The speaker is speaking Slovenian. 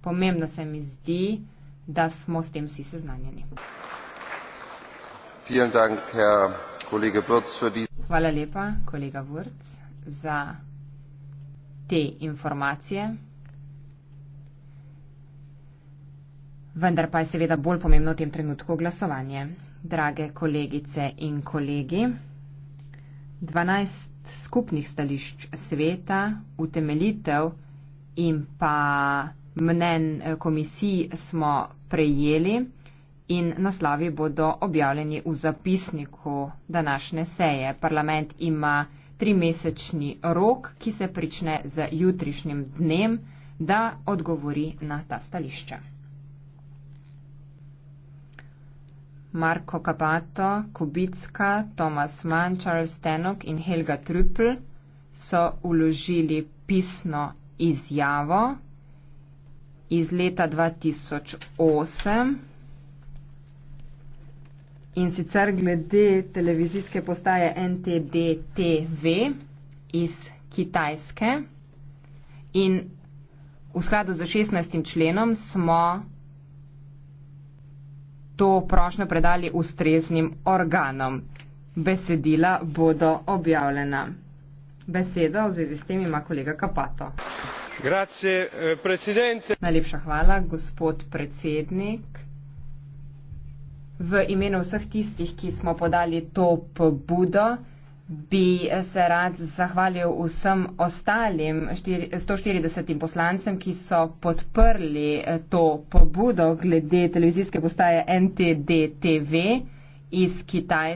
pomembno se mi zdi, da smo s tem vsi seznanjeni. Hvala lepa, kolega Vrc, za te informacije. Vendar pa je seveda bolj pomembno v tem trenutku glasovanje. Drage kolegice in kolegi, 12 skupnih stališč sveta, utemeljitev in pa mnen eh, komisij smo prejeli in naslavi bodo objavljeni v zapisniku današnje seje. Parlament ima trimesečni rok, ki se prične z jutrišnjim dnem, da odgovori na ta stališča. Marko Kapato, Kubicka, Tomas Mann, Charles Tenok in Helga Trüppel so uložili pisno izjavo, iz leta 2008 in sicer glede televizijske postaje NTD TV iz Kitajske in v skladu z 16. členom smo to prošnjo predali ustreznim organom. Besedila bodo objavljena. Beseda v zvezi s tem ima kolega Kapato. Eh, Najlepša hvala, gospod predsednik. V imenu vseh tistih, ki smo podali to pobudo, bi se rad zahvalil vsem ostalim 140 poslancem, ki so podprli eh, to pobudo glede televizijske postaje NTD TV iz Kitajske.